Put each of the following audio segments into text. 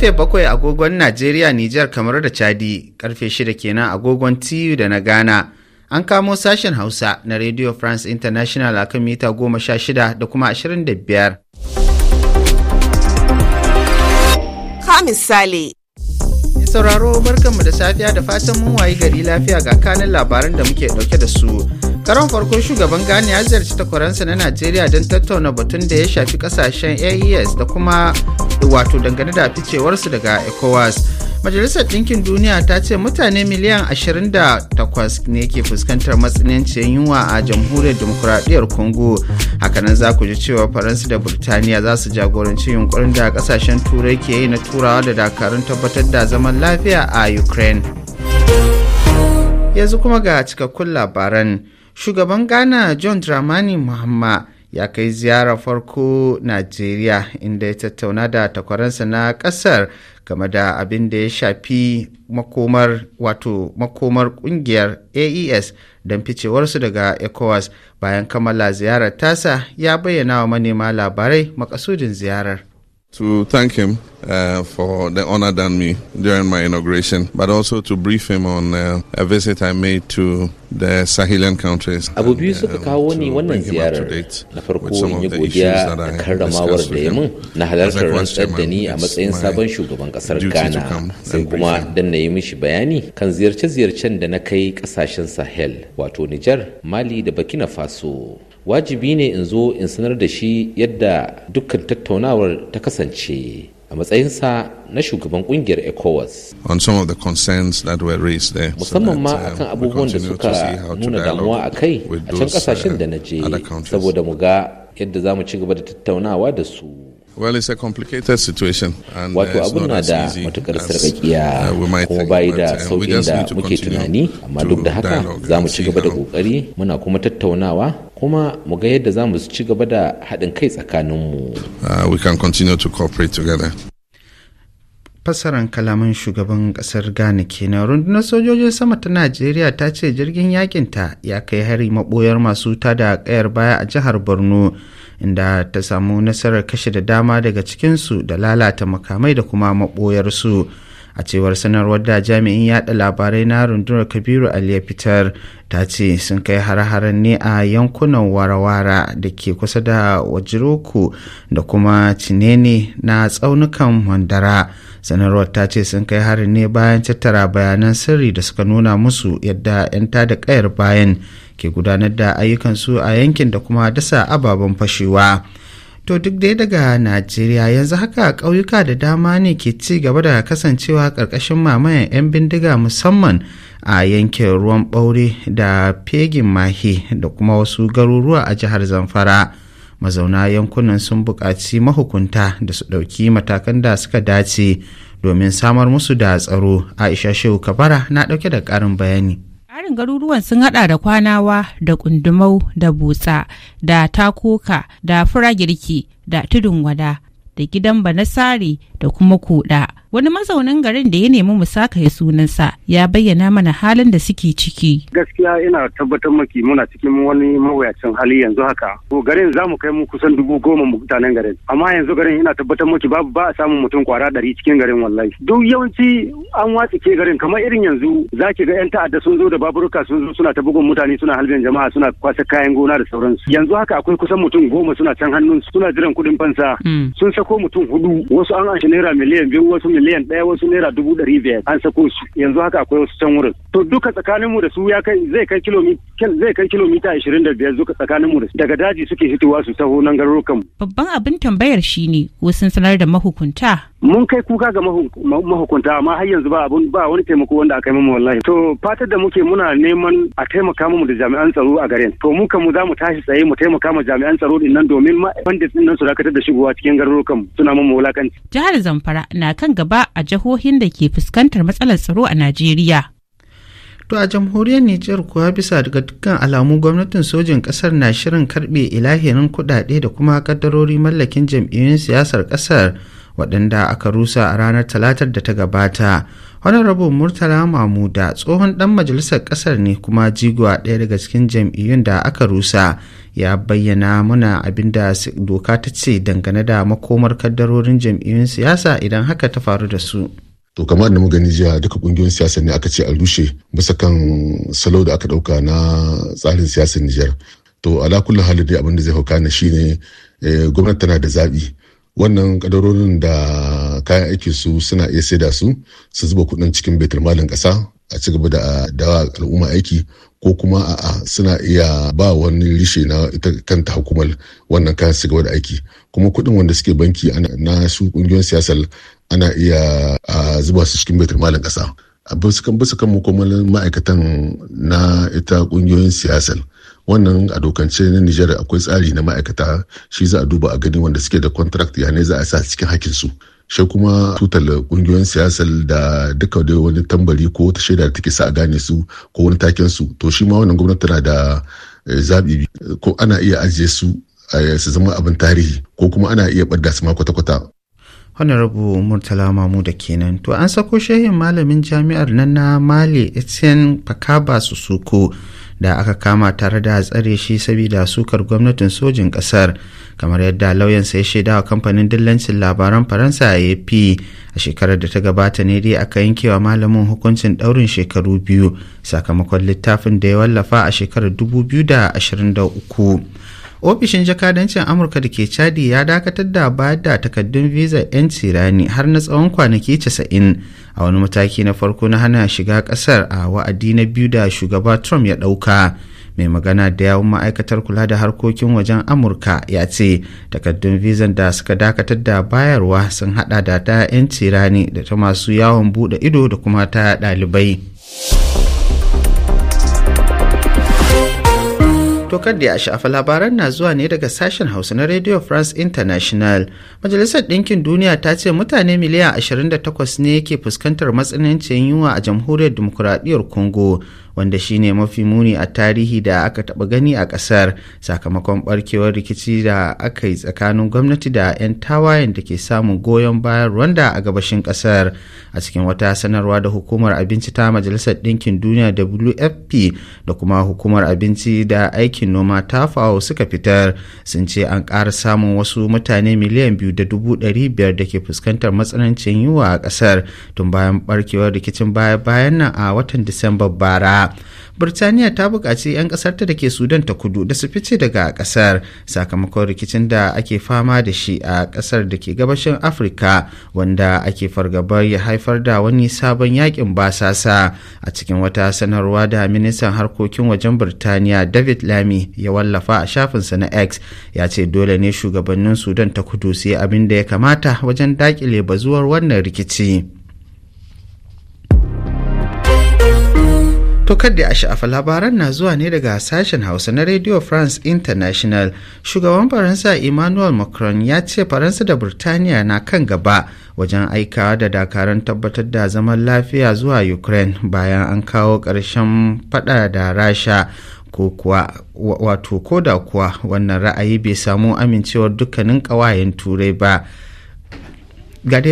Karfe bakwai agogon Najeriya, Nijar kamar da Chadi, karfe shida kenan agogon TU da na Ghana. An kamo sashen Hausa na Radio France International a kan mita goma sha shida da kuma ashirin da biyar. Ka misali. sauraro barkanmu da safiya da fatan mun wayi gari lafiya ga kanin labaran da muke dauke da su. karon farko shugaban ghana ya ziyarci takwaransa na najeriya don tattauna batun da ya shafi kasashen aes da kuma wato dangane da ficewarsu daga ecowas majalisar ɗinkin duniya ta ce mutane miliyan 28 ne ke fuskantar matsananciyar yunwa a jamhuriyar demokuraɗiyyar congo hakanan za ku ji cewa faransa da burtaniya za su jagoranci yunkurin da ƙasashen turai ke yi na turawa da dakarun tabbatar da zaman lafiya a ukraine yanzu kuma ga cikakkun labaran shugaban ghana john dramani muhammad ya kai ziyara farko Najeriya inda ya tattauna da takwaransa na ƙasar game da abin da ya shafi makomar wato makomar kungiyar AES don ficewarsu daga ECOWAS bayan kammala ziyarar tasa ya bayyana wa manema labarai makasudin ziyarar. to thank him uh, for the honor done me during my inauguration, but also to brief him on uh, a visit I made to the Sahelian countries. Abu biyu suka uh, kawo ni wannan ziyarar na farko in yi godiya da karramawar da ya min na halartar rantsar da ni a matsayin sabon shugaban kasar Ghana sai kuma dan na yi mishi bayani kan ziyarce-ziyarcen da na kai kasashen Sahel wato Nijar, Mali da Burkina Faso. wajibi ne in zo in sanar da shi yadda dukkan tattaunawar ta kasance a matsayinsa na shugaban kungiyar ecowas musamman ma akan abubuwan da suka nuna damuwa a kai a can kasashen uh, da na je saboda mu ga yadda za mu ci gaba da tattaunawa da su well it's a complicated situation and wato abu na da matukar sarkakiya uh, kuma bayi da uh, sauƙin da muke tunani amma duk da haka za mu ci gaba da ƙoƙari muna kuma tattaunawa kuma mu ga yadda za mu ci gaba da haɗin kai tsakaninmu. Uh, we can continue to cooperate together. fassaran kalaman shugaban kasar ghana kenan rundunar sojojin sama ta najeriya ta ce jirgin yakinta ya kai hari maɓoyar masu da ƙayar baya a jihar borno inda ta samu nasarar kashe da dama daga cikinsu da lalata makamai da kuma maɓoyarsu. su a cewar sanarwar da jami'in yada labarai na rundunar kabiru ali fitar ta ce sun kai har-haren ne a yankunan warawara da ke kusa da wajiroku da kuma cinene na tsaunukan mandara sanarwar ta ce sun kai harin ne bayan tattara bayanan sirri da suka nuna musu yadda 'yan da kayar bayan ke gudanar da ayyukansu a yankin da kuma dasa ababen fashewa. To duk dai daga Najeriya yanzu haka ƙauyuka da dama ne ke ci gaba da kasancewa ƙarƙashin mamayan 'yan bindiga musamman a yankin ruwan ɓaure da fegin mahe da kuma wasu garuruwa a jihar Zamfara. Mazauna yankunan sun buƙaci mahukunta da su ɗauki matakan da suka dace domin samar musu da tsaro. Aisha Shehu Kabara na ɗauke da ƙarin bayani. Harin garuruwan sun hada da kwanawa da kundumau da butsa da takoka da fura da tudun wada da gidan banasari da kuma kuɗa. wani mazaunin garin da ya nemi mu sakaye sunansa ya bayyana mana halin da suke ciki. Gaskiya ina tabbatar maki muna cikin wani mawuyacin hali yanzu haka. To garin zamu kai mu kusan dubu goma mutanen garin. Amma yanzu garin ina tabbatar maki babu ba a samun mutum kwara dari cikin garin wallahi. Duk yawanci an watsike garin kamar irin yanzu zaki ga 'yan ta'adda sun zo da baburuka sun zo suna ta bugun mutane suna halbin jama'a suna kwasa kayan gona da sauransu. Yanzu haka akwai kusan mutum goma suna can hannun suna jiran kuɗin fansa. Hmm. Sun sako mutum hudu wasu an ashe naira miliyan biyu wasu miliyan ɗaya wasu naira dubu ɗari biyar an sako su yanzu haka akwai wasu can wurin to duka tsakanin mu da su ya kai zai kai kilomita zai kai kilomita ashirin da biyar zuka tsakanin mu da daga daji suke fitowa su taho nan garurukan. babban abin tambayar shine wasu sanar da mahukunta mun kai kuka ga mahukunta amma har yanzu ba abun ba wani taimako wanda aka yi mu wallahi to fatar da muke muna neman a taimaka mu da jami'an tsaro a garin to mu za mu tashi tsaye mu taimaka ma jami'an tsaro din nan domin bandits din nan su dakatar da shigowa cikin garurukan suna mu wulakanci jihar Zamfara na kan gaba a jihohin da ke fuskantar matsalar tsaro a Najeriya To a jamhuriyar Nijar kuwa bisa daga dukkan alamu gwamnatin sojin kasar na shirin karbe ilahirin kudade da kuma kaddarori mallakin jam'iyyun siyasar kasar waɗanda aka rusa a ranar talatar da ta gabata honorable murtala mamuda tsohon ɗan majalisar ƙasar ne kuma jigowa ɗaya daga cikin jam'iyyun da aka rusa ya bayyana muna abin da doka ta ce dangane da makomar kaddarorin jam'iyyun siyasa idan haka ta faru da su to kamar da gani jiya duka kungiyoyin siyasar ne aka ce a rushe bisa kan salo da aka ɗauka na tsarin siyasar Nijar to ala kullum hali dai abin da zai hauka na shine eh, gwamnati tana da zaɓi. wannan kadarorin da kayan aiki su suna iya da su su zuba kuɗin cikin betur-malin ƙasa a ci da dawa al'umma aiki ko kuma a'a suna iya ba wani rishe na ita kanta hukumar wannan kayan su gaba da aiki kuma kuɗin wanda suke banki na su ƙungiyoyin siyasar ana iya zuba su cikin betur-malin ƙasa a bisa kan ma'aikatan na ita ƙungiyoyin siyasar wannan a dokance na nijar akwai tsari na ma'aikata shi za a duba a gani wanda suke da contract ya ne za a sa cikin hakkin su shi kuma tutar kungiyoyin siyasar da duka da wani tambari ko wata shaida da take sa a gane su ko wani taken su to shi ma wannan gwamnati tana da eh, zaɓi ko ana iya ajiye su eh, su zama abin tarihi ko kuma ana iya ɓadda su ma kwata-kwata honorable murtala mamu da kenan to an sako shehin malamin jami'ar nan na mali etienne pakaba susuko da aka kama tare da tsare shi saboda sukar gwamnatin sojin kasar kamar yadda lauyansa ya shaida wa kamfanin dillancin labaran faransa ap a shekarar da ta gabata ne dai aka yankewa malamin hukuncin daurin shekaru biyu sakamakon littafin da ya wallafa a shekarar 2023 ofishin jakadancin amurka da ke chadi ya dakatar da bayar da takaddun visa 'yan tirani har na tsawon kwanaki 90 a wani mataki na farko na hana shiga kasar a wa'adi na biyu da shugaba trump ya dauka mai magana da yawon ma'aikatar kula da harkokin wajen amurka ya ce takaddun vizan da suka dakatar da bayarwa sun hada da ta 'yan tirani da ta masu yawon bude ido da kuma ta ɗalibai. Tokar da ya shafa labaran na zuwa ne daga sashen Hausa na Radio France International. Majalisar Ɗinkin Duniya ta ce mutane miliyan 28 ne ke fuskantar matsanancin yunwa a Jamhuriyar Dimokuraɗiyyar Congo. wanda shine mafi muni a tarihi da aka taba gani a ƙasar sakamakon ɓarkewar rikici da aka yi tsakanin gwamnati da 'yan tawayen da ke samun goyon bayan rwanda a gabashin ƙasar a cikin wata sanarwa da hukumar abinci ta majalisar ɗinkin duniya wfp da kuma hukumar abinci da aikin noma ta fawo suka fitar sun ce an ƙara samun wasu mutane miliyan biyu da dubu ɗari biyar da ke fuskantar matsanancin yiwa a ƙasar tun bayan ɓarkewar rikicin baya-bayan nan a watan Disambar bara Birtaniya ta buƙaci 'yan ƙasarta da ke Sudan ta kudu da su fice daga ƙasar sakamakon rikicin da ake fama da shi a ƙasar da ke gabashin Afirka wanda ake fargabar ya haifar da wani sabon yakin basasa a cikin wata sanarwa da ministan harkokin wajen Birtaniya David Lamy ya wallafa a shafinsa na X ya ce dole ne shugabannin Sudan ta kudu su yi abin da ya kamata wajen daƙile bazuwar wannan rikici. To kadda a sha'afa labaran na zuwa ne daga sashen Hausa na Radio France International. Shugaban Faransa Emmanuel Macron ya ce Faransa da Burtaniya na kan gaba wajen aika da dakaran tabbatar da zaman lafiya zuwa Ukraine bayan an kawo ƙarshen fada da Rasha. ko kuwa wato ko da kuwa wannan ra'ayi bai samu amincewar dukkanin ƙawayen turai ba ga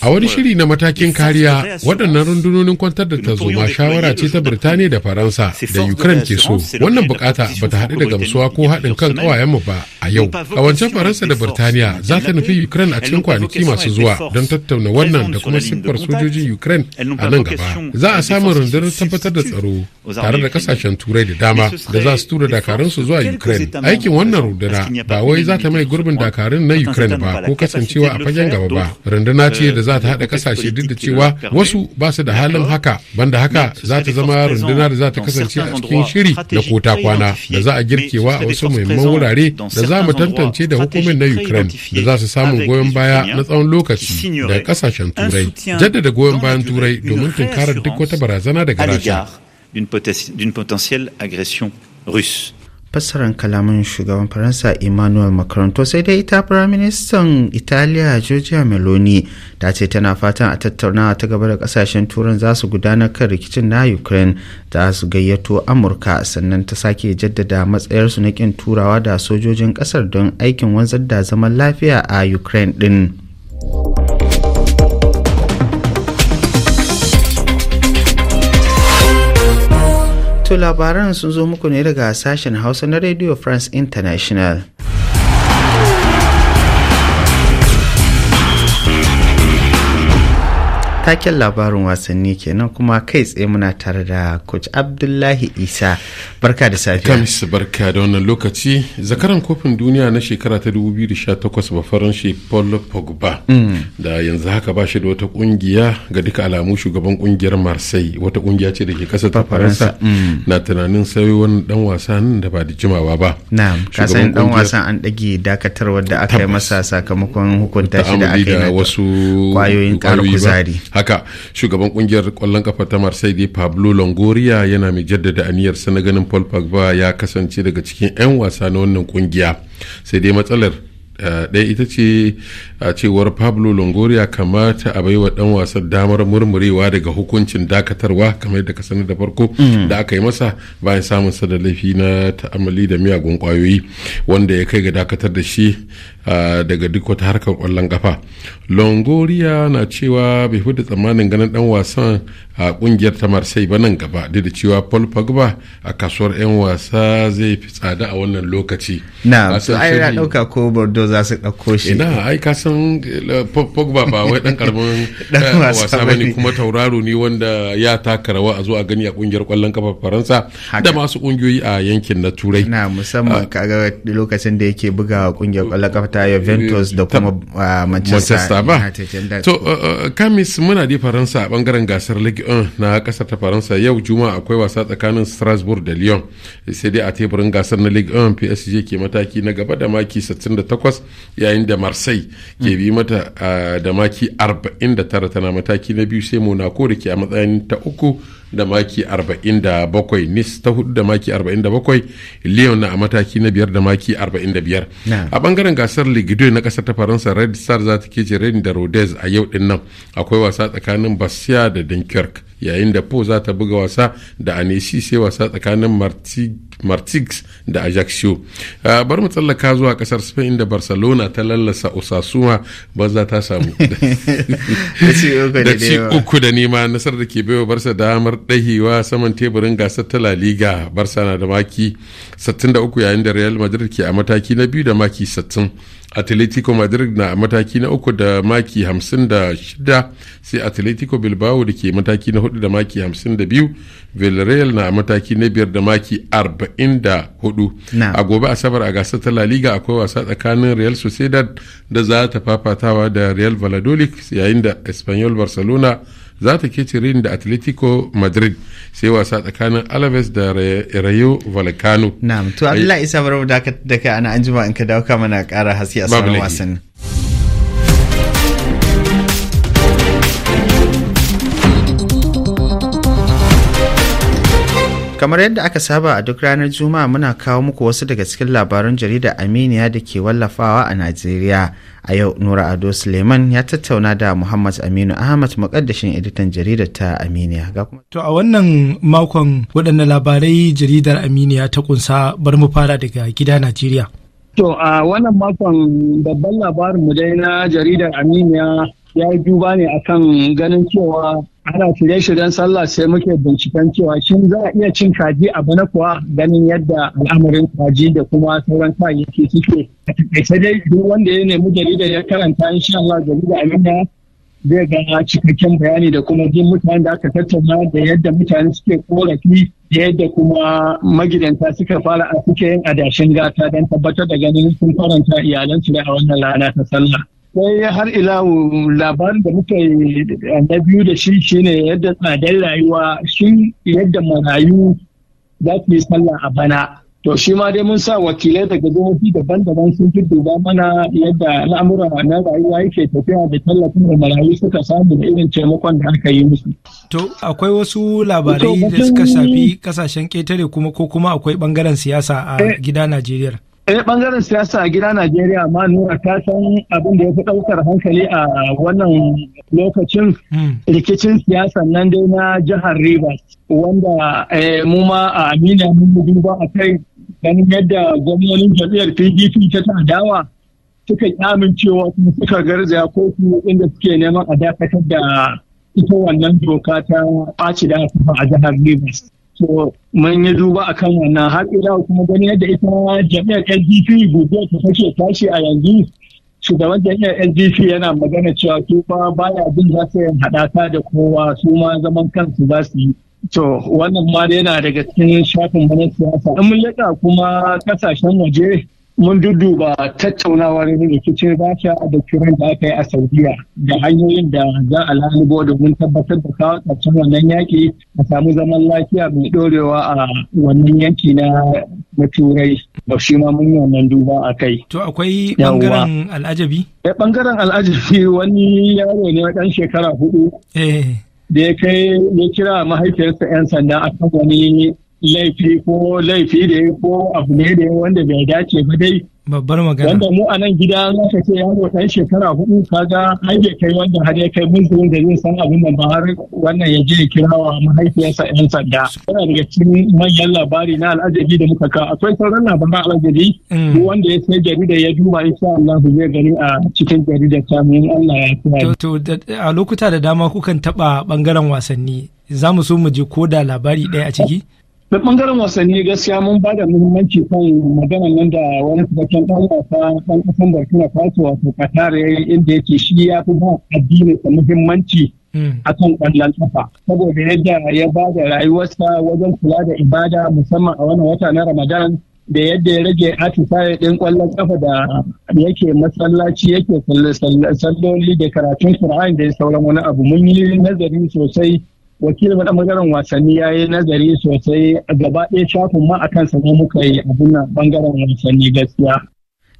A wani shiri na euh, matakin kariya waɗannan rundunonin kwantar da tazoma shawara ce ta Birtaniya da Faransa da Ukraine ke so. Wannan bukata ba ta haɗu da gamsuwa ko haɗin kan ƙawayenmu ba a yau. Ƙawancen Faransa da Birtaniya za ta nufi Ukraine a cikin kwanaki masu zuwa don tattauna wannan da kuma siffar sojojin Ukraine a nan gaba. Za a samu rundunar tabbatar da tsaro tare da kasashen Turai da dama da za su tura dakarunsu zuwa Ukraine. Aikin wannan runduna ba wai za ta mai gurbin dakarun na Ukraine ba ko kasancewa cewa a fagen gaba ba runduna ce da za ta haɗa ƙasashe duk da cewa wasu ba su da halin haka banda haka za ta zama runduna da za ta kasance a cikin shiri da kota kwana da za a girkewa a wasu muhimman wurare da za mu tantance da hukumin na ukraine da za su samu goyon baya na tsawon lokaci da ƙasashen turai jaddada goyon bayan turai domin tunkarar duk wata barazana daga rasha d'une potentielle agression russe. fassarar kalamin shugaban faransa emmanuel macron to sai dai ita firaministan italiya georgia meloni ta ce tana fatan a tattaunawa ta gaba da kasashen turan za su gudanar kan rikicin na ukraine za su gayyato amurka sannan ta sake jaddada matsayarsu na kin turawa da sojojin kasar don aikin wanzar da zaman lafiya a ukraine din. To labaran sun zo muku ne daga sashen Hausa na Radio France International. taken labarin wasanni kenan kuma kai tsaye muna tare da coach abdullahi isa barka da safiya kamis barka da wannan lokaci zakaran kofin duniya na shekara ta 2018 farin shi paul pogba mm. da yanzu haka ba shi da wata kungiya ga duka alamu shugaban kungiyar marsai wata kungiya ce da ke kasa ta faransa mm. na tunanin sayo wani dan wasa da ba da jimawa ba kasan dan wasan an dage dakatarwar da aka yi masa sakamakon hukunta shi da aka yi na kwayoyin ƙara kuzari haka shugaban kungiyar kwallon kafa ta marseille pablo longoria yana mai jaddada aniyar sana ganin paul pogba ya kasance daga cikin 'yan wasa na wannan kungiya sai dai matsalar Eh, ɗaya ita ce a cewar pablo longoria kamata a wa ɗan wasan damar murmurewa daga hukuncin dakatarwa kamar yadda ka sani da farko mm. da aka yi masa bayan samun sa da laifi na ta'amali da miyagun kwayoyi wanda ya kai ga dakatar da shi daga duk wata harkar kwallon kafa longoria na cewa bai fi da tsammanin ganin ɗan wasan a ƙungiyar ta marsai ba nan gaba duk da cewa paul pogba a kasuwar 'yan wasa zai fi tsada a wannan lokaci na a ɗauka ko bordeaux za su ɗauko shi ina ai ka san eh, pogba ba wai dan karamin eh, wasa bane kuma tauraro ne wanda ya taka rawa a zo a gani a kungiyar kwallon kafa faransa da masu kungiyoyi a yankin na turai na musamman ah, kaga lokacin da yake buga kungiyar kwallon kafa ta Juventus da kuma ah, Manchester ba to eh, kamis muna da faransa a bangaren gasar Ligue 1 na kasar ta faransa yau juma'a akwai wasa tsakanin Strasbourg da Lyon sai dai a teburin gasar na Ligue 1 PSG ke mataki na gaba da maki 68 takwas yayin da marseille ke bi mata da maki 49 tana mataki na biyu sai monaco da ke a matsayin ta uku da maki 47 nice ta hudu da maki 47 lyon na a mataki na biyar da maki 45 a bangaren gasar ligue na kasar ta faransa red star za ta kece Rennes da rodez a yau din nan akwai wasa tsakanin bastia da dunkirk yayin da po za ta buga wasa da anesi sai wasa tsakanin marti martix da ajaccio ah, bar mu tsallaka zuwa kasar spain da barcelona ta lallasa osasuna banza ta samu da ci uku da nema nasar da ke baiwa barsa damar dahewa saman teburin gasar ta la liga barsa na da maki 63 yayin da real madrid ke a mataki na biyu da maki 60 atletico madrid na mataki na uku da maki 56 sai atletico bilbao da ke mataki na hudu da maki 52 villarreal na mataki na biyar da maki 44 a gobe asabar a gasar ta la liga akwai wasa tsakanin real sociedad da za ta fafatawa da real valladolid yayin da espanyol barcelona za ta kece rin da atletico madrid sai wasa tsakanin alaves da rayo vallecano na to abdullahi isa barau da ka ana anjima in ka dauka mana kara haske a sauran wasan. kamar yadda aka saba a duk ranar juma'a muna kawo muku wasu daga cikin labaran jarida aminiya da ke wallafawa a najeriya a yau nura ado suleiman ya tattauna da muhammad aminu ahmad makaddashin editan jaridar ta aminiya to a wannan makon wadannan labarai jaridar aminiya ta kunsa bar mu fara daga gida najeriya to a wannan makon babban labarin mu dai na jaridar aminiya ya yi duba ne akan ganin cewa ana shirye-shiryen sallah sai muke binciken cewa shin za a iya cin kaji abu na kuwa ganin yadda al'amarin kaji da kuma sauran kayayyaki suke a takaice dai duk wanda ya nemi jaridar ya karanta insha Allah jarida Aminu zai ga cikakken bayani da kuma jin mutanen da aka tattauna da yadda mutane suke korafi da yadda kuma magidanta suka fara a suke yin adashin gata don tabbatar da ganin sun faranta iyalansu da a wannan rana ta sallah. sai har ila labarin da muka yi na biyu da shi shine yadda tsadar rayuwa shi yadda marayu za su yi sallah a bana to shi ma dai mun sa wakilai daga jihohi daban-daban sun duba mana yadda al'amuran na rayuwa yake tafiya da tallafin da marayu suka samu da irin taimakon da aka yi musu to akwai wasu labarai da suka shafi kasashen ketare kuma ko kuma akwai bangaren siyasa a eh, gida najeriya ɗaya eh, ɓangaren siyasa a gida Najeriya ma nura ta san abin da ya fi ɗaukar hankali a wannan lokacin hmm. rikicin siyasa nan dai na jihar Rivers wanda eh, mu ma a Amina mun duba a kai ganin yadda gwamnonin jam'iyyar PDP ta tadawa suka yi amincewa kuma suka garzaya kotu inda suke neman a dakatar da ita wannan doka ta ɓaci da a jihar Rivers. so mun yi duba a kan wannan har ila kuma gani yadda ita jami'ar LDP gobe ta take tashi a yanzu shugaban jami'ar LDP yana magana cewa su ba baya bin za su yin haɗaka da kowa su ma zaman kansu za su yi to wannan ma yana daga cikin shafin mana siyasa in mun kuma ƙasashen waje mun tattaunawa dudduba tattaunawar rikicin rasha da kiran da aka yi a saudiya da hanyoyin da za a lalubo domin tabbatar da kawo ƙarshen wannan yaƙi a samu zaman lafiya mai ɗorewa a wannan yanki na turai ba shi ma mun yi wannan duba a kai. to akwai ɓangaren al'ajabi? Eh, ɓangaren al'ajabi wani yaro ne ɗan shekara huɗu. Eh. da ya kai ya kira mahaifiyarsa 'yan sanda a kan wani laifi ko laifi da ya ko abu ne da wanda bai dace ba dai babbar magana wanda mu a nan gida za ka ce yaro ɗan shekara hudu kaga har ya kai wanda har ya kai munzurin da zai san abin nan ba har wannan ya je kirawa mahaifiyarsa yan sanda yana daga cikin manyan labari na al'ajabi da muka kawo akwai sauran labaran al'ajabi mm. wanda ya sai jarida ya duba insha Allah zai gani a cikin jaridar ta mu Allah ya kiyaye to a lokuta da dama kukan taɓa bangaren wasanni za mu so mu je ko da labari ɗaya a ciki da bangaren wasanni gaskiya mun ba da muhimmanci kan magana nan da wani fitaccen dan wasa dan kasan Burkina Faso wato Qatar inda yake shi ya fi ba addini da muhimmanci hmm. a kan kwallon ƙafa. saboda yadda ya ba da rayuwarsa wajen kula da ibada musamman a wannan wata na Ramadan da yadda ya rage atisaye ɗin ƙwallon ƙafa da yake masallaci yake salloli da karatun Qur'ani da sauran wani abu mun yi nazari sosai wakilin wani bangaren wasanni ya yi nazari sosai gaba ɗaya shafin ma a kansa ne muka yi a nan bangaren wasanni gaskiya.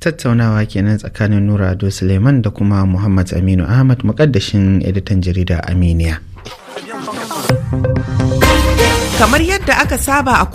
Tattaunawa kenan tsakanin Nura Ado Suleiman da kuma Muhammad Aminu Ahmad mukaddashin editan jarida Aminiya. Kamar yadda aka saba a